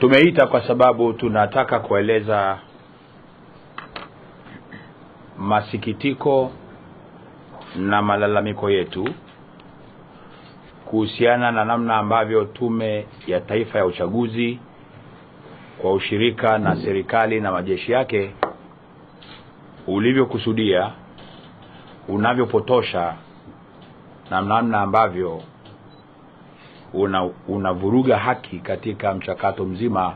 tumeita kwa sababu tunataka kueleza masikitiko na malalamiko yetu kuhusiana na namna ambavyo tume ya taifa ya uchaguzi kwa ushirika na serikali na majeshi yake ulivyokusudia unavyopotosha na namna ambavyo una, unavuruga haki katika mchakato mzima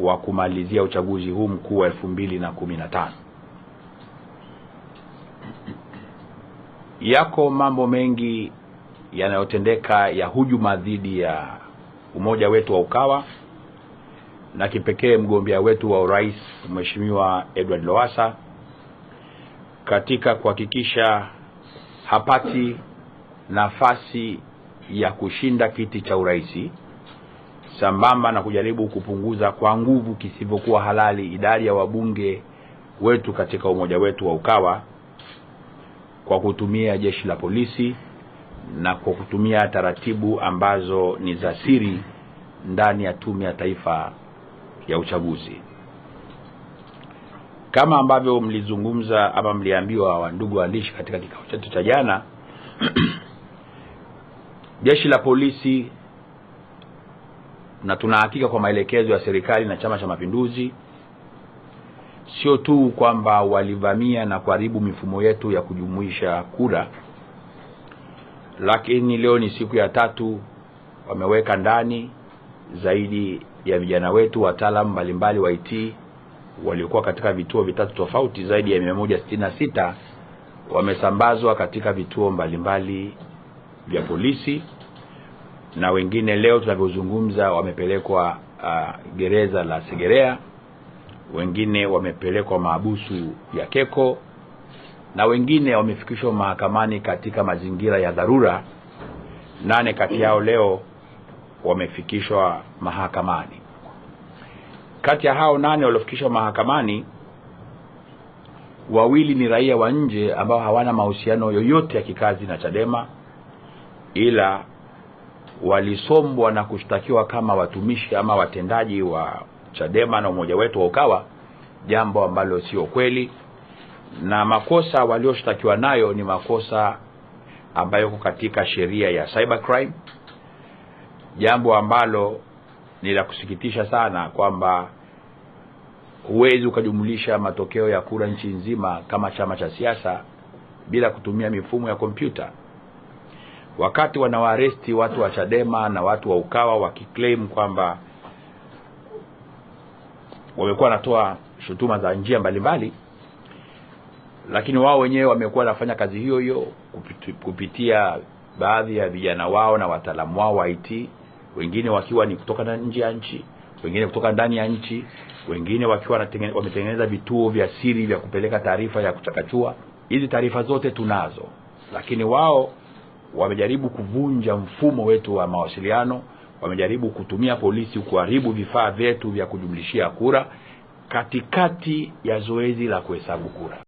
wa kumalizia uchaguzi huu mkuu wa elfu mbili na kumi na tano. Yako mambo mengi yanayotendeka ya hujuma dhidi ya umoja wetu wa Ukawa na kipekee mgombea wetu wa urais Mheshimiwa Edward Lowassa katika kuhakikisha hapati nafasi ya kushinda kiti cha urais sambamba na kujaribu kupunguza kwa nguvu kisivyokuwa halali idadi ya wabunge wetu katika umoja wetu wa Ukawa kwa kutumia jeshi la polisi na kwa kutumia taratibu ambazo ni za siri ndani ya Tume ya Taifa ya Uchaguzi. Kama ambavyo mlizungumza ama mliambiwa, wandugu waandishi, katika kikao chetu cha jana jeshi la polisi na tunahakika kwa maelekezo ya serikali na chama cha mapinduzi sio tu kwamba walivamia na kuharibu mifumo yetu ya kujumuisha kura lakini leo ni siku ya tatu wameweka ndani zaidi ya vijana wetu wataalamu mbalimbali wa IT waliokuwa katika vituo vitatu tofauti zaidi ya 166 wamesambazwa katika vituo mbalimbali mbali vya polisi na wengine leo tunavyozungumza wamepelekwa uh, gereza la Segerea, wengine wamepelekwa maabusu ya Keko na wengine wamefikishwa mahakamani katika mazingira ya dharura. Nane kati yao leo wamefikishwa mahakamani. Kati ya hao nane waliofikishwa mahakamani, wawili ni raia wa nje ambao hawana mahusiano yoyote ya kikazi na Chadema ila walisombwa na kushtakiwa kama watumishi ama watendaji wa Chadema na umoja wetu wa Ukawa, jambo ambalo sio kweli, na makosa walioshtakiwa nayo ni makosa ambayo iko katika sheria ya cybercrime, jambo ambalo ni la kusikitisha sana kwamba huwezi ukajumulisha matokeo ya kura nchi nzima kama chama cha siasa bila kutumia mifumo ya kompyuta wakati wanawaaresti watu wa chadema na watu wa ukawa wakiclaim kwamba wamekuwa wanatoa shutuma za njia mbalimbali mbali, lakini wao wenyewe wamekuwa wanafanya kazi hiyo hiyo kupitia baadhi ya vijana wao na wataalamu wao wa IT, wengine wakiwa ni kutoka nje ya nchi, wengine kutoka ndani ya nchi, wengine wakiwa wametengeneza vituo vya siri vya kupeleka taarifa ya kuchakachua. Hizi taarifa zote tunazo, lakini wao wamejaribu kuvunja mfumo wetu wa mawasiliano wamejaribu kutumia polisi kuharibu vifaa vyetu vya kujumlishia kura katikati ya zoezi la kuhesabu kura.